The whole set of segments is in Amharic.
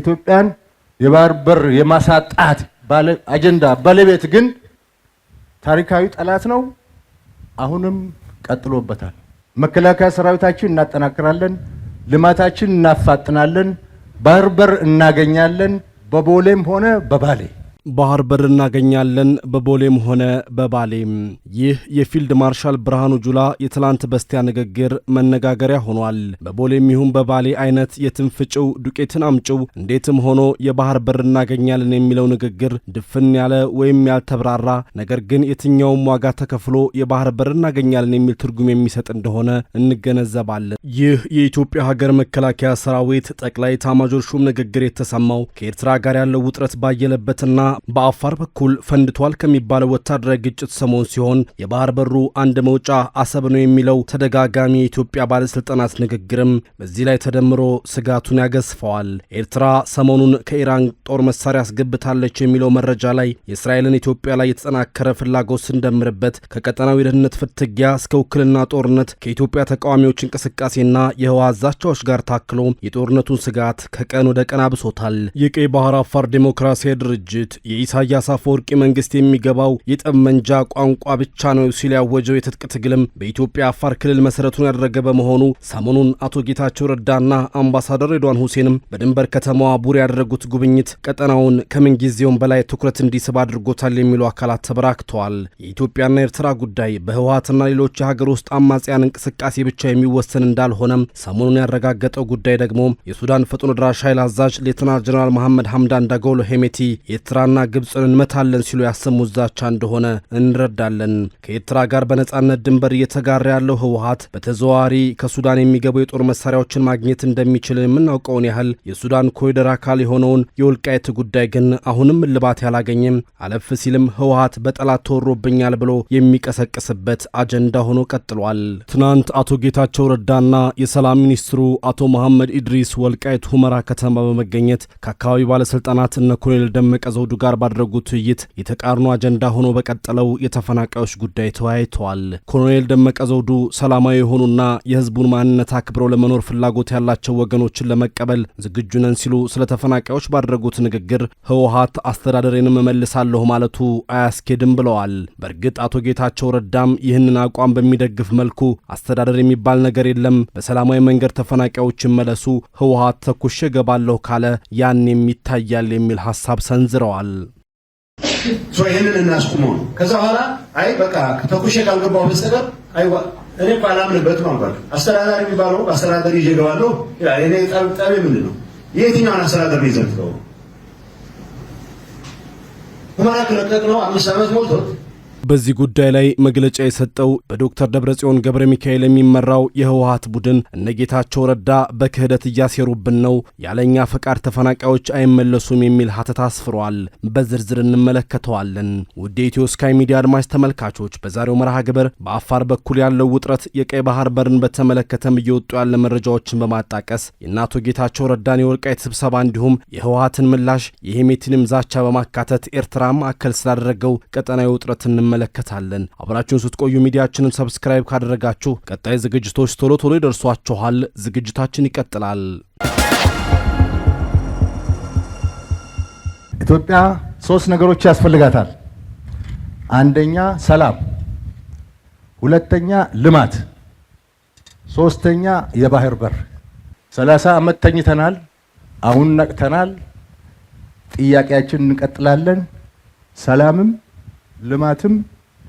ኢትዮጵያን የባህር በር የማሳጣት አጀንዳ ባለቤት ግን ታሪካዊ ጠላት ነው። አሁንም ቀጥሎበታል። መከላከያ ሰራዊታችን እናጠናክራለን፣ ልማታችን እናፋጥናለን፣ ባህር በር እናገኛለን፣ በቦሌም ሆነ በባሌ ባህር በር እናገኛለን በቦሌም ሆነ በባሌም። ይህ የፊልድ ማርሻል ብርሃኑ ጁላ የትላንት በስቲያ ንግግር መነጋገሪያ ሆኗል። በቦሌም ይሁን በባሌ አይነት የትም ፍጭው ዱቄትን አምጭው እንዴትም ሆኖ የባህር በር እናገኛለን የሚለው ንግግር ድፍን ያለ ወይም ያልተብራራ ነገር ግን የትኛውም ዋጋ ተከፍሎ የባህር በር እናገኛለን የሚል ትርጉም የሚሰጥ እንደሆነ እንገነዘባለን። ይህ የኢትዮጵያ ሀገር መከላከያ ሰራዊት ጠቅላይ ታማጆር ሹም ንግግር የተሰማው ከኤርትራ ጋር ያለው ውጥረት ባየለበትና በአፋር በኩል ፈንድቷል ከሚባለው ወታደራዊ ግጭት ሰሞን ሲሆን የባህር በሩ አንድ መውጫ አሰብ ነው የሚለው ተደጋጋሚ የኢትዮጵያ ባለሥልጣናት ንግግርም በዚህ ላይ ተደምሮ ስጋቱን ያገዝፈዋል። ኤርትራ ሰሞኑን ከኢራን ጦር መሳሪያ አስገብታለች የሚለው መረጃ ላይ የእስራኤልን ኢትዮጵያ ላይ የተጠናከረ ፍላጎት ስንደምርበት ከቀጠናዊ ደህንነት ፍትጊያ እስከ ውክልና ጦርነት ከኢትዮጵያ ተቃዋሚዎች እንቅስቃሴና የህዋ ዛቻዎች ጋር ታክሎ የጦርነቱን ስጋት ከቀን ወደ ቀን አብሶታል። የቀይ ባህር አፋር ዴሞክራሲያዊ ድርጅት የኢሳያስ አፈወርቂ መንግስት የሚገባው የጠመንጃ ቋንቋ ብቻ ነው ሲል ያወጀው የትጥቅ ትግልም በኢትዮጵያ አፋር ክልል መሰረቱን ያደረገ በመሆኑ ሰሞኑን አቶ ጌታቸው ረዳና አምባሳደር ሬድዋን ሁሴንም በድንበር ከተማዋ ቡር ያደረጉት ጉብኝት ቀጠናውን ከምንጊዜውም በላይ ትኩረት እንዲስብ አድርጎታል የሚሉ አካላት ተበራክተዋል። የኢትዮጵያና ኤርትራ ጉዳይ በህወሀትና ሌሎች የሀገር ውስጥ አማጽያን እንቅስቃሴ ብቻ የሚወሰን እንዳልሆነም ሰሞኑን ያረጋገጠው ጉዳይ ደግሞ የሱዳን ፈጥኖ ድራሽ ኃይል አዛዥ ሌተና ጀነራል መሐመድ ሐምዳን ዳጎሎ ሄሜቲ የኤርትራ ኤርትራና ግብፅን እንመታለን ሲሉ ያሰሙት ዛቻ እንደሆነ እንረዳለን። ከኤርትራ ጋር በነጻነት ድንበር እየተጋራ ያለው ህወሀት በተዘዋዋሪ ከሱዳን የሚገቡ የጦር መሳሪያዎችን ማግኘት እንደሚችል የምናውቀውን ያህል የሱዳን ኮሪደር አካል የሆነውን የወልቃይት ጉዳይ ግን አሁንም እልባት ያላገኝም። አለፍ ሲልም ህወሀት በጠላት ተወሮብኛል ብሎ የሚቀሰቅስበት አጀንዳ ሆኖ ቀጥሏል። ትናንት አቶ ጌታቸው ረዳና የሰላም ሚኒስትሩ አቶ መሐመድ ኢድሪስ ወልቃይት ሁመራ ከተማ በመገኘት ከአካባቢ ባለስልጣናት እነ ኮሎኔል ደመቀ ዘውዱ ጋር ባደረጉት ውይይት የተቃርኖ አጀንዳ ሆኖ በቀጠለው የተፈናቃዮች ጉዳይ ተወያይተዋል። ኮሎኔል ደመቀ ዘውዱ ሰላማዊ የሆኑና የህዝቡን ማንነት አክብረው ለመኖር ፍላጎት ያላቸው ወገኖችን ለመቀበል ዝግጁ ነን ሲሉ ስለ ተፈናቃዮች ባደረጉት ንግግር ህወሀት አስተዳደሬንም እመልሳለሁ ማለቱ አያስኬድም ብለዋል። በእርግጥ አቶ ጌታቸው ረዳም ይህንን አቋም በሚደግፍ መልኩ አስተዳደር የሚባል ነገር የለም፣ በሰላማዊ መንገድ ተፈናቃዮች ይመለሱ፣ ህወሀት ተኩሼ ገባለሁ ካለ ያኔም ይታያል የሚል ሀሳብ ሰንዝረዋል። ብለዋል። ይህንን እናስቁመው ነው። ከዛ በኋላ አይ በቃ ተኩሼ ካልገባሁ በስተቀር እኔ ባላምንበትም ማባል አስተዳዳሪ የሚባለው አስተዳዳሪ ይዤ እገባለሁ ይላል። እኔ ጠቤ ምንድን ነው? የትኛውን አስተዳደር ነው ይዘን ሁመራ ክለቀቅ ነው። አምስት ዓመት ሞልቶት በዚህ ጉዳይ ላይ መግለጫ የሰጠው በዶክተር ደብረጽዮን ገብረ ሚካኤል የሚመራው የህወሀት ቡድን እነ ጌታቸው ረዳ በክህደት እያሴሩብን ነው፣ ያለኛ ፈቃድ ተፈናቃዮች አይመለሱም የሚል ሀተት አስፍሯል። በዝርዝር እንመለከተዋለን። ውድ የኢትዮ ስካይ ሚዲያ አድማጭ ተመልካቾች በዛሬው መርሃ ግብር በአፋር በኩል ያለው ውጥረት፣ የቀይ ባህር በርን በተመለከተም እየወጡ ያለ መረጃዎችን በማጣቀስ የእናቶ ጌታቸው ረዳን የወልቃይት ስብሰባ እንዲሁም የህወሀትን ምላሽ የሄሜቲንም ዛቻ በማካተት ኤርትራ ማዕከል ስላደረገው ቀጠናዊ ውጥረት እንመለከታለን። አብራችሁን ስትቆዩ ሚዲያችንን ሰብስክራይብ ካደረጋችሁ ቀጣይ ዝግጅቶች ቶሎ ቶሎ ይደርሷችኋል። ዝግጅታችን ይቀጥላል። ኢትዮጵያ ሶስት ነገሮች ያስፈልጋታል። አንደኛ ሰላም፣ ሁለተኛ ልማት፣ ሶስተኛ የባህር በር። ሰላሳ ዓመት ተኝተናል። አሁን ነቅተናል። ጥያቄያችን እንቀጥላለን። ሰላምም ልማትም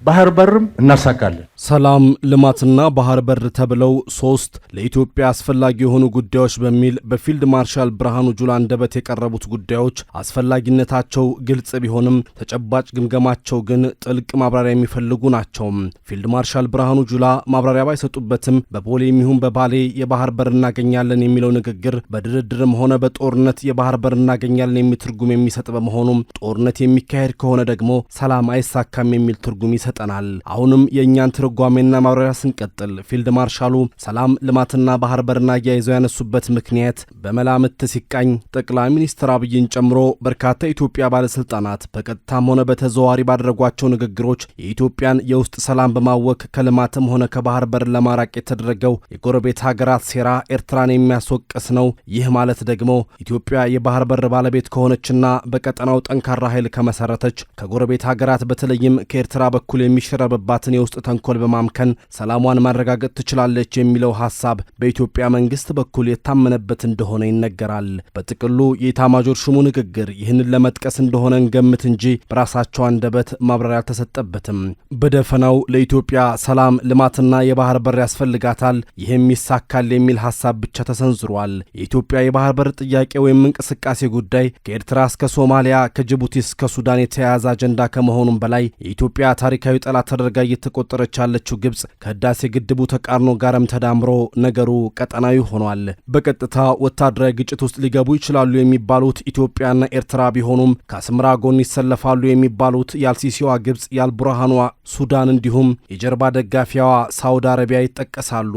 ባህር በርም እናሳካለን። ሰላም ልማትና ባህር በር ተብለው ሶስት ለኢትዮጵያ አስፈላጊ የሆኑ ጉዳዮች በሚል በፊልድ ማርሻል ብርሃኑ ጁላ አንደበት የቀረቡት ጉዳዮች አስፈላጊነታቸው ግልጽ ቢሆንም ተጨባጭ ግምገማቸው ግን ጥልቅ ማብራሪያ የሚፈልጉ ናቸው። ፊልድ ማርሻል ብርሃኑ ጁላ ማብራሪያ ባይሰጡበትም በቦሌ የሚሁን በባሌ የባህር በር እናገኛለን የሚለው ንግግር በድርድርም ሆነ በጦርነት የባህር በር እናገኛለን የሚል ትርጉም የሚሰጥ በመሆኑም ጦርነት የሚካሄድ ከሆነ ደግሞ ሰላም አይሳካም የሚል ትርጉም ይሰ ይሰጠናል። አሁንም የእኛን ትርጓሜና ማብራሪያ ስንቀጥል ፊልድ ማርሻሉ ሰላም ልማትና ባህር በርና አያይዘው ያነሱበት ምክንያት በመላምት ሲቃኝ ጠቅላይ ሚኒስትር አብይን ጨምሮ በርካታ የኢትዮጵያ ባለስልጣናት በቀጥታም ሆነ በተዘዋዋሪ ባደረጓቸው ንግግሮች የኢትዮጵያን የውስጥ ሰላም በማወክ ከልማትም ሆነ ከባህር በር ለማራቅ የተደረገው የጎረቤት ሀገራት ሴራ ኤርትራን የሚያስወቅስ ነው። ይህ ማለት ደግሞ ኢትዮጵያ የባህር በር ባለቤት ከሆነችና በቀጠናው ጠንካራ ኃይል ከመሰረተች ከጎረቤት ሀገራት በተለይም ከኤርትራ በኩል በኩል የሚሸረብባትን የውስጥ ተንኮል በማምከን ሰላሟን ማረጋገጥ ትችላለች የሚለው ሀሳብ በኢትዮጵያ መንግስት በኩል የታመነበት እንደሆነ ይነገራል። በጥቅሉ የኢታማጆር ሹሙ ንግግር ይህንን ለመጥቀስ እንደሆነ እንገምት እንጂ በራሳቸው አንደበት ማብራሪያ አልተሰጠበትም። በደፈናው ለኢትዮጵያ ሰላም፣ ልማትና የባህር በር ያስፈልጋታል፣ ይህም ይሳካል የሚል ሀሳብ ብቻ ተሰንዝሯል። የኢትዮጵያ የባህር በር ጥያቄ ወይም እንቅስቃሴ ጉዳይ ከኤርትራ እስከ ሶማሊያ ከጅቡቲ እስከ ሱዳን የተያያዘ አጀንዳ ከመሆኑም በላይ የኢትዮጵያ ታሪካ ታሪካዊ ጠላት ተደርጋ እየተቆጠረች ያለችው ግብፅ ከህዳሴ ግድቡ ተቃርኖ ጋርም ተዳምሮ ነገሩ ቀጠናዊ ሆኗል። በቀጥታ ወታደራዊ ግጭት ውስጥ ሊገቡ ይችላሉ የሚባሉት ኢትዮጵያና ኤርትራ ቢሆኑም ከአስመራ ጎን ይሰለፋሉ የሚባሉት የአልሲሲዋ ግብፅ፣ የአልቡርሃኗ ሱዳን እንዲሁም የጀርባ ደጋፊዋ ሳውዲ አረቢያ ይጠቀሳሉ።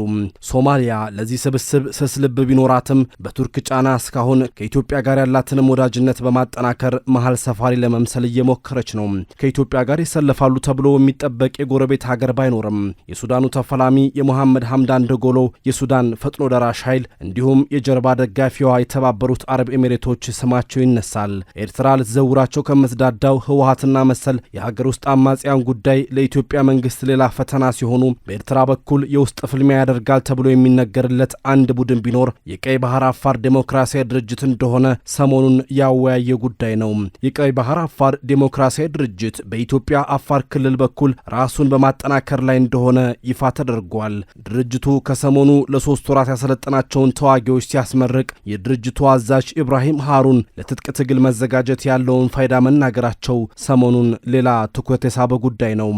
ሶማሊያ ለዚህ ስብስብ ስስ ልብ ቢኖራትም በቱርክ ጫና እስካሁን ከኢትዮጵያ ጋር ያላትንም ወዳጅነት በማጠናከር መሀል ሰፋሪ ለመምሰል እየሞከረች ነው። ከኢትዮጵያ ጋር ይሰለፋሉ ተብሎ የሚጠበቅ የጎረቤት ሀገር ባይኖርም የሱዳኑ ተፈላሚ የሞሐመድ ሐምዳን ደጎሎ የሱዳን ፈጥኖ ደራሽ ኃይል እንዲሁም የጀርባ ደጋፊዋ የተባበሩት አረብ ኤሚሬቶች ስማቸው ይነሳል። ኤርትራ ልትዘውራቸው ከምትዳዳው ህወሀትና መሰል የሀገር ውስጥ አማጽያን ጉዳይ ለኢትዮጵያ መንግስት ሌላ ፈተና ሲሆኑ በኤርትራ በኩል የውስጥ ፍልሚያ ያደርጋል ተብሎ የሚነገርለት አንድ ቡድን ቢኖር የቀይ ባህር አፋር ዴሞክራሲያዊ ድርጅት እንደሆነ ሰሞኑን ያወያየ ጉዳይ ነው። የቀይ ባህር አፋር ዴሞክራሲያዊ ድርጅት በኢትዮጵያ አፋር ክልል በኩል በኩል ራሱን በማጠናከር ላይ እንደሆነ ይፋ ተደርጓል። ድርጅቱ ከሰሞኑ ለሶስት ወራት ያሰለጠናቸውን ተዋጊዎች ሲያስመርቅ የድርጅቱ አዛዥ ኢብራሂም ሃሩን ለትጥቅ ትግል መዘጋጀት ያለውን ፋይዳ መናገራቸው ሰሞኑን ሌላ ትኩረት የሳበ ጉዳይ ነው።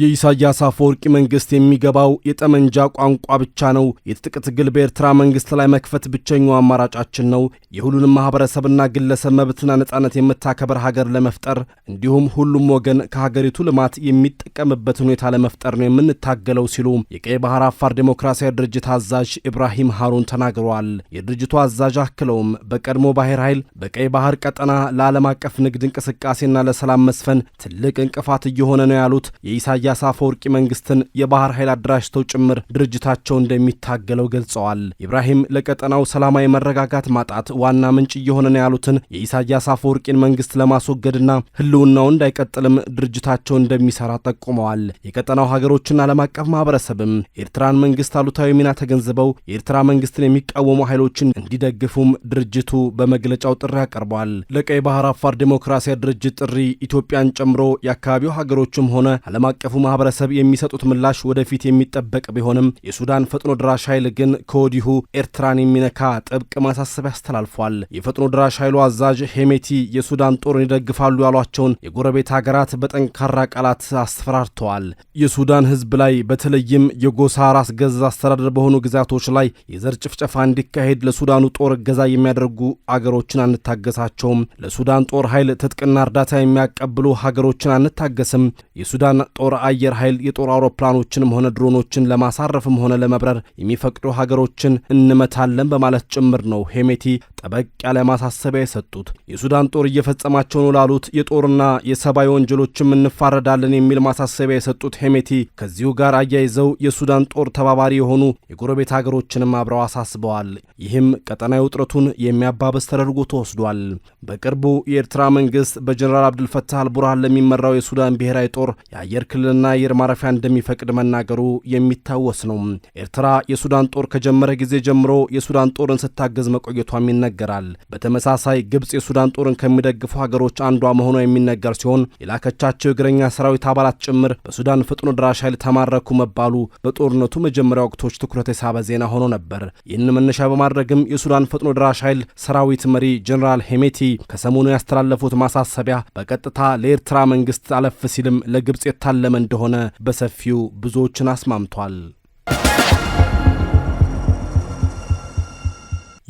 የኢሳያስ አፈወርቂ መንግስት የሚገባው የጠመንጃ ቋንቋ ብቻ ነው። የትጥቅ ትግል በኤርትራ መንግስት ላይ መክፈት ብቸኛው አማራጫችን ነው። የሁሉንም ማህበረሰብና ግለሰብ መብትና ነጻነት የምታከብር ሀገር ለመፍጠር እንዲሁም ሁሉም ወገን ከሀገሪቱ ልማት የሚጠቀምበት ሁኔታ ለመፍጠር ነው የምንታገለው ሲሉ የቀይ ባህር አፋር ዴሞክራሲያዊ ድርጅት አዛዥ ኢብራሂም ሃሩን ተናግረዋል። የድርጅቱ አዛዥ አክለውም በቀድሞ ባህር ኃይል በቀይ ባህር ቀጠና ለዓለም አቀፍ ንግድ እንቅስቃሴና ለሰላም መስፈን ትልቅ እንቅፋት እየሆነ ነው ያሉት የኢሳ የኢሳያስ አፈወርቂ መንግስትን የባህር ኃይል አደራጅተው ጭምር ድርጅታቸው እንደሚታገለው ገልጸዋል። ኢብራሂም ለቀጠናው ሰላማዊ መረጋጋት ማጣት ዋና ምንጭ እየሆነ ነው ያሉትን የኢሳያስ አፈወርቂን መንግስት ለማስወገድና ህልውናው እንዳይቀጥልም ድርጅታቸው እንደሚሰራ ጠቁመዋል። የቀጠናው ሀገሮችና ዓለም አቀፍ ማህበረሰብም የኤርትራን መንግስት አሉታዊ ሚና ተገንዝበው የኤርትራ መንግስትን የሚቃወሙ ኃይሎችን እንዲደግፉም ድርጅቱ በመግለጫው ጥሪ አቀርቧል። ለቀይ ባህር አፋር ዴሞክራሲያ ድርጅት ጥሪ ኢትዮጵያን ጨምሮ የአካባቢው ሀገሮችም ሆነ ዓለም አቀፍ አቀፉ ማህበረሰብ የሚሰጡት ምላሽ ወደፊት የሚጠበቅ ቢሆንም የሱዳን ፈጥኖ ድራሽ ኃይል ግን ከወዲሁ ኤርትራን የሚነካ ጥብቅ ማሳሰቢያ አስተላልፏል። የፈጥኖ ድራሽ ኃይሉ አዛዥ ሄሜቲ የሱዳን ጦርን ይደግፋሉ ያሏቸውን የጎረቤት ሀገራት በጠንካራ ቃላት አስፈራርተዋል። የሱዳን ህዝብ ላይ በተለይም የጎሳ ራስ ገዝ አስተዳደር በሆኑ ግዛቶች ላይ የዘር ጭፍጨፋ እንዲካሄድ ለሱዳኑ ጦር እገዛ የሚያደርጉ አገሮችን አንታገሳቸውም። ለሱዳን ጦር ኃይል ትጥቅና እርዳታ የሚያቀብሉ ሀገሮችን አንታገስም። የሱዳን ጦር አየር ኃይል የጦር አውሮፕላኖችንም ሆነ ድሮኖችን ለማሳረፍም ሆነ ለመብረር የሚፈቅዱ ሀገሮችን እንመታለን በማለት ጭምር ነው ሄሜቲ ጠበቅ ያለ ማሳሰቢያ የሰጡት የሱዳን ጦር እየፈጸማቸው ነው ላሉት የጦርና የሰብአዊ ወንጀሎችም እንፋረዳለን የሚል ማሳሰቢያ የሰጡት ሄሜቲ ከዚሁ ጋር አያይዘው የሱዳን ጦር ተባባሪ የሆኑ የጎረቤት ሀገሮችንም አብረው አሳስበዋል። ይህም ቀጠናዊ ውጥረቱን የሚያባብስ ተደርጎ ተወስዷል። በቅርቡ የኤርትራ መንግስት በጀኔራል አብዱልፈታህ አልቡርሃን ለሚመራው የሱዳን ብሔራዊ ጦር የአየር ክልልና አየር ማረፊያ እንደሚፈቅድ መናገሩ የሚታወስ ነው። ኤርትራ የሱዳን ጦር ከጀመረ ጊዜ ጀምሮ የሱዳን ጦርን ስታገዝ መቆየቷ ይነገራል። ይነገራል። በተመሳሳይ ግብጽ የሱዳን ጦርን ከሚደግፉ ሀገሮች አንዷ መሆኗ የሚነገር ሲሆን የላከቻቸው የእግረኛ ሰራዊት አባላት ጭምር በሱዳን ፈጥኖ ደራሽ ኃይል ተማረኩ መባሉ በጦርነቱ መጀመሪያ ወቅቶች ትኩረት የሳበ ዜና ሆኖ ነበር። ይህን መነሻ በማድረግም የሱዳን ፍጥኖ ደራሽ ኃይል ሰራዊት መሪ ጀኔራል ሄሜቲ ከሰሞኑ ያስተላለፉት ማሳሰቢያ በቀጥታ ለኤርትራ መንግስት አለፍ ሲልም ለግብጽ የታለመ እንደሆነ በሰፊው ብዙዎችን አስማምቷል።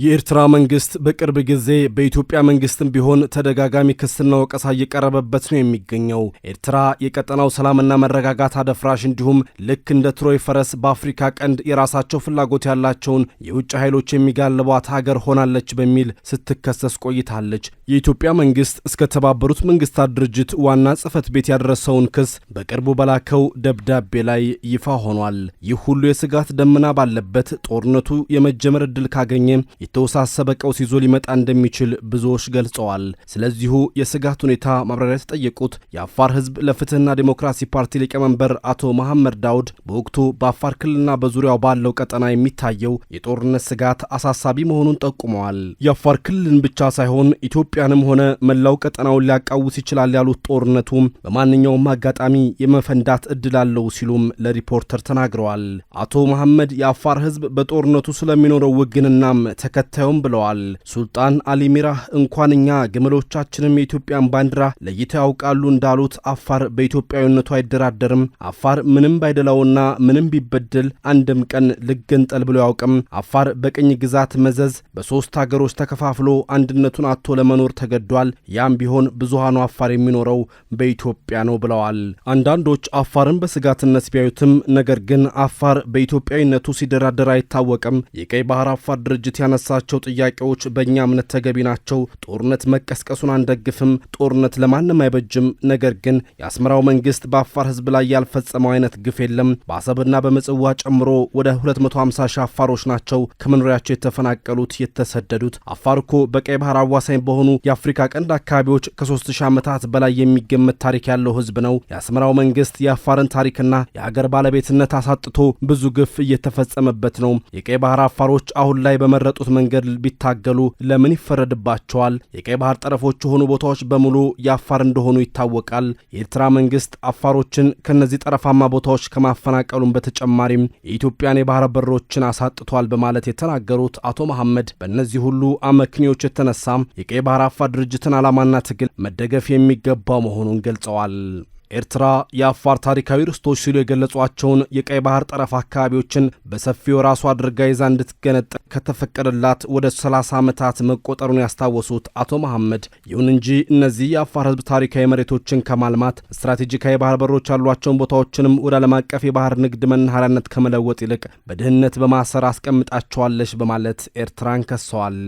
የኤርትራ መንግስት በቅርብ ጊዜ በኢትዮጵያ መንግስትም ቢሆን ተደጋጋሚ ክስና ወቀሳ እየቀረበበት ነው የሚገኘው። ኤርትራ የቀጠናው ሰላምና መረጋጋት አደፍራሽ እንዲሁም ልክ እንደ ትሮይ ፈረስ በአፍሪካ ቀንድ የራሳቸው ፍላጎት ያላቸውን የውጭ ኃይሎች የሚጋልቧት ሀገር ሆናለች በሚል ስትከሰስ ቆይታለች። የኢትዮጵያ መንግስት እስከ ተባበሩት መንግስታት ድርጅት ዋና ጽህፈት ቤት ያደረሰውን ክስ በቅርቡ በላከው ደብዳቤ ላይ ይፋ ሆኗል። ይህ ሁሉ የስጋት ደመና ባለበት ጦርነቱ የመጀመር እድል ካገኘ የተወሳሰበ ቀውስ ይዞ ሊመጣ እንደሚችል ብዙዎች ገልጸዋል። ስለዚሁ የስጋት ሁኔታ ማብራሪያ የተጠየቁት የአፋር ህዝብ ለፍትህና ዴሞክራሲ ፓርቲ ሊቀመንበር አቶ መሐመድ ዳውድ በወቅቱ በአፋር ክልልና በዙሪያው ባለው ቀጠና የሚታየው የጦርነት ስጋት አሳሳቢ መሆኑን ጠቁመዋል። የአፋር ክልልን ብቻ ሳይሆን ኢትዮጵያንም ሆነ መላው ቀጠናውን ሊያቃውስ ይችላል ያሉት ጦርነቱም በማንኛውም አጋጣሚ የመፈንዳት እድል አለው ሲሉም ለሪፖርተር ተናግረዋል። አቶ መሐመድ የአፋር ህዝብ በጦርነቱ ስለሚኖረው ውግንናም ተከታዩም ብለዋል። ሱልጣን አሊ ሚራህ እንኳን እኛ ግመሎቻችንም የኢትዮጵያን ባንዲራ ለይተው ያውቃሉ እንዳሉት አፋር በኢትዮጵያዊነቱ አይደራደርም። አፋር ምንም ባይደላውና ምንም ቢበደል አንድም ቀን ልገንጠል ብሎ ያውቅም። አፋር በቅኝ ግዛት መዘዝ በሶስት ሀገሮች ተከፋፍሎ አንድነቱን አጥቶ ለመኖር ተገዷል። ያም ቢሆን ብዙሃኑ አፋር የሚኖረው በኢትዮጵያ ነው ብለዋል። አንዳንዶች አፋርን በስጋትነት ቢያዩትም ነገር ግን አፋር በኢትዮጵያዊነቱ ሲደራደር አይታወቅም። የቀይ ባህር አፋር ድርጅት ያነ። ያነሳቸው ጥያቄዎች በእኛ እምነት ተገቢ ናቸው። ጦርነት መቀስቀሱን አንደግፍም። ጦርነት ለማንም አይበጅም። ነገር ግን የአስመራው መንግስት በአፋር ህዝብ ላይ ያልፈጸመው አይነት ግፍ የለም። በአሰብና በምጽዋ ጨምሮ ወደ 250 ሺህ አፋሮች ናቸው ከመኖሪያቸው የተፈናቀሉት የተሰደዱት። አፋር እኮ በቀይ ባህር አዋሳኝ በሆኑ የአፍሪካ ቀንድ አካባቢዎች ከ3000 ዓመታት በላይ የሚገመት ታሪክ ያለው ህዝብ ነው። የአስመራው መንግስት የአፋርን ታሪክና የአገር ባለቤትነት አሳጥቶ ብዙ ግፍ እየተፈጸመበት ነው። የቀይ ባህር አፋሮች አሁን ላይ በመረጡት መንገድ ቢታገሉ ለምን ይፈረድባቸዋል? የቀይ ባህር ጠረፎች የሆኑ ቦታዎች በሙሉ የአፋር እንደሆኑ ይታወቃል። የኤርትራ መንግስት አፋሮችን ከእነዚህ ጠረፋማ ቦታዎች ከማፈናቀሉም በተጨማሪም የኢትዮጵያን የባህር በሮችን አሳጥቷል በማለት የተናገሩት አቶ መሐመድ በእነዚህ ሁሉ አመክንዮች የተነሳም የቀይ ባህር አፋር ድርጅትን ዓላማና ትግል መደገፍ የሚገባው መሆኑን ገልጸዋል። ኤርትራ የአፋር ታሪካዊ ርስቶች ሲሉ የገለጿቸውን የቀይ ባህር ጠረፍ አካባቢዎችን በሰፊው ራሱ አድርጋ ይዛ እንድትገነጠ ከተፈቀደላት ወደ 30 ዓመታት መቆጠሩን ያስታወሱት አቶ መሐመድ፣ ይሁን እንጂ እነዚህ የአፋር ህዝብ ታሪካዊ መሬቶችን ከማልማት ስትራቴጂካዊ ባህር በሮች ያሏቸውን ቦታዎችንም ወደ ዓለም አቀፍ የባህር ንግድ መናኸሪያነት ከመለወጥ ይልቅ በድህነት በማሰር አስቀምጣቸዋለች በማለት ኤርትራን ከሰዋል።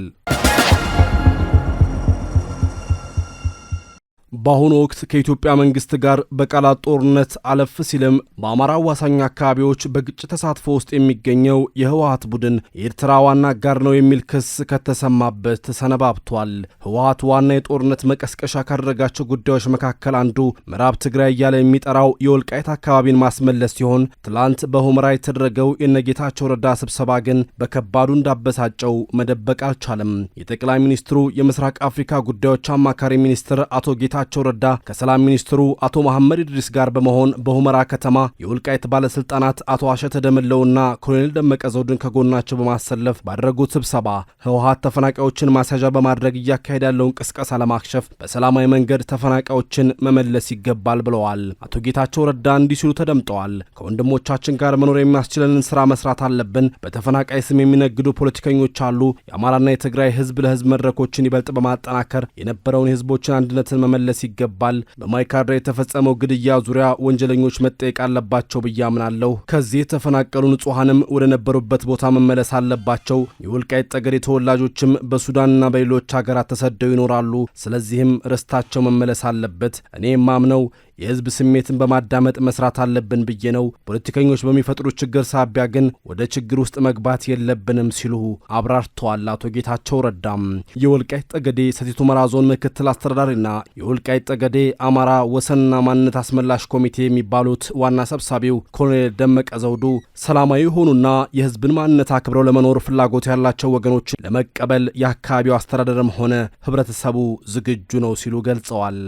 በአሁኑ ወቅት ከኢትዮጵያ መንግስት ጋር በቃላት ጦርነት አለፍ ሲልም በአማራ አዋሳኝ አካባቢዎች በግጭት ተሳትፎ ውስጥ የሚገኘው የህወሀት ቡድን የኤርትራ ዋና አጋር ነው የሚል ክስ ከተሰማበት ተሰነባብቷል። ህወሀት ዋና የጦርነት መቀስቀሻ ካደረጋቸው ጉዳዮች መካከል አንዱ ምዕራብ ትግራይ እያለ የሚጠራው የወልቃይት አካባቢን ማስመለስ ሲሆን ትላንት በሁመራ የተደረገው የነጌታቸው ረዳ ስብሰባ ግን በከባዱ እንዳበሳጨው መደበቅ አልቻለም። የጠቅላይ ሚኒስትሩ የምስራቅ አፍሪካ ጉዳዮች አማካሪ ሚኒስትር አቶ ጌታ ጌታቸው ረዳ ከሰላም ሚኒስትሩ አቶ መሐመድ ኢድሪስ ጋር በመሆን በሁመራ ከተማ የውልቃይት ባለስልጣናት አቶ አሸተ ደመለውና ኮሎኔል ደመቀ ዘውድን ከጎናቸው በማሰለፍ ባደረጉት ስብሰባ ህወሀት ተፈናቃዮችን ማስያዣ በማድረግ እያካሄደ ያለውን ቅስቀሳ ለማክሸፍ በሰላማዊ መንገድ ተፈናቃዮችን መመለስ ይገባል ብለዋል። አቶ ጌታቸው ረዳ እንዲህ ሲሉ ተደምጠዋል። ከወንድሞቻችን ጋር መኖር የሚያስችለንን ስራ መስራት አለብን። በተፈናቃይ ስም የሚነግዱ ፖለቲከኞች አሉ። የአማራና የትግራይ ህዝብ ለህዝብ መድረኮችን ይበልጥ በማጠናከር የነበረውን የህዝቦችን አንድነትን መመለስ ሊመለስ ይገባል። በማይካድራ የተፈጸመው ግድያ ዙሪያ ወንጀለኞች መጠየቅ አለባቸው ብዬ አምናለሁ። ከዚህ የተፈናቀሉ ንጹሐንም ወደ ነበሩበት ቦታ መመለስ አለባቸው። የወልቃይት ጠገዴ ተወላጆችም በሱዳንና በሌሎች ሀገራት ተሰደው ይኖራሉ። ስለዚህም ርስታቸው መመለስ አለበት። እኔ የማምነው የህዝብ ስሜትን በማዳመጥ መስራት አለብን ብዬ ነው። ፖለቲከኞች በሚፈጥሩት ችግር ሳቢያ ግን ወደ ችግር ውስጥ መግባት የለብንም ሲሉ አብራርተዋል አቶ ጌታቸው ረዳም። የወልቃይት ጠገዴ ሰቲት ሁመራ ዞን ምክትል አስተዳዳሪና የወልቃይት ጠገዴ አማራ ወሰንና ማንነት አስመላሽ ኮሚቴ የሚባሉት ዋና ሰብሳቢው ኮሎኔል ደመቀ ዘውዱ ሰላማዊ የሆኑና የህዝብን ማንነት አክብረው ለመኖር ፍላጎት ያላቸው ወገኖች ለመቀበል የአካባቢው አስተዳደርም ሆነ ህብረተሰቡ ዝግጁ ነው ሲሉ ገልጸዋል።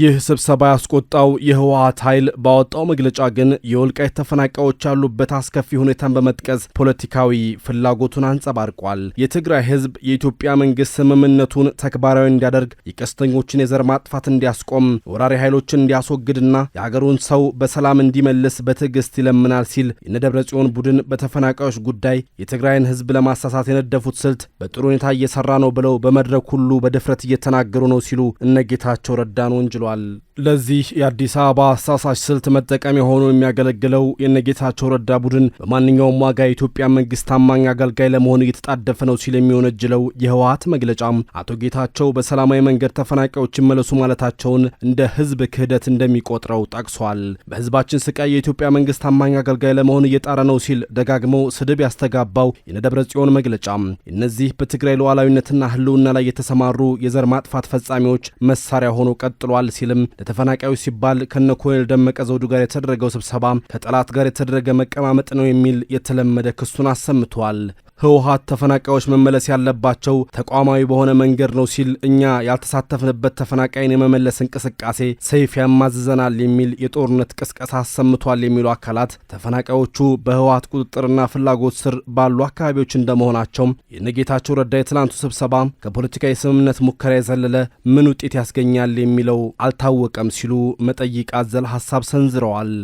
ይህ ስብሰባ ያስቆጣው የህወሀት ኃይል ባወጣው መግለጫ ግን የወልቃይት ተፈናቃዮች ያሉበት አስከፊ ሁኔታን በመጥቀስ ፖለቲካዊ ፍላጎቱን አንጸባርቋል። የትግራይ ህዝብ የኢትዮጵያ መንግስት ስምምነቱን ተግባራዊ እንዲያደርግ፣ የቀስተኞችን የዘር ማጥፋት እንዲያስቆም፣ ወራሪ ኃይሎችን እንዲያስወግድና የአገሩን ሰው በሰላም እንዲመልስ በትዕግስት ይለምናል ሲል የነደብረ ጽዮን ቡድን በተፈናቃዮች ጉዳይ የትግራይን ህዝብ ለማሳሳት የነደፉት ስልት በጥሩ ሁኔታ እየሰራ ነው ብለው በመድረክ ሁሉ በድፍረት እየተናገሩ ነው ሲሉ እነ ጌታቸው ረዳን ወንጅሏል። ለዚህ የአዲስ አበባ አሳሳሽ ስልት መጠቀሚያ ሆኖ የሚያገለግለው የነጌታቸው ረዳ ቡድን በማንኛውም ዋጋ የኢትዮጵያ መንግስት ታማኝ አገልጋይ ለመሆን እየተጣደፈ ነው ሲል የሚወነጅለው የህወሀት መግለጫም አቶ ጌታቸው በሰላማዊ መንገድ ተፈናቃዮች ይመለሱ ማለታቸውን እንደ ህዝብ ክህደት እንደሚቆጥረው ጠቅሷል። በህዝባችን ስቃይ የኢትዮጵያ መንግስት ታማኝ አገልጋይ ለመሆን እየጣረ ነው ሲል ደጋግሞ ስድብ ያስተጋባው የነደብረ ጽዮን መግለጫም እነዚህ በትግራይ ሉዓላዊነትና ህልውና ላይ የተሰማሩ የዘር ማጥፋት ፈጻሚዎች መሳሪያ ሆኖ ቀጥሏል ሲልም ለተፈናቃዩ ሲባል ከነ ኮሎኔል ደመቀ ዘውዱ ጋር የተደረገው ስብሰባ ከጠላት ጋር የተደረገ መቀማመጥ ነው የሚል የተለመደ ክሱን አሰምቷል። ህወሀት ተፈናቃዮች መመለስ ያለባቸው ተቋማዊ በሆነ መንገድ ነው ሲል እኛ ያልተሳተፍንበት ተፈናቃይን የመመለስ እንቅስቃሴ ሰይፍ ያማዝዘናል የሚል የጦርነት ቅስቀሳ አሰምቷል የሚሉ አካላት ተፈናቃዮቹ በህወሀት ቁጥጥርና ፍላጎት ስር ባሉ አካባቢዎች እንደመሆናቸው የነጌታቸው ረዳ የትናንቱ ስብሰባ ከፖለቲካዊ የስምምነት ሙከራ የዘለለ ምን ውጤት ያስገኛል የሚለው አልታወቀም ሲሉ መጠይቅ አዘል ሀሳብ ሰንዝረዋል።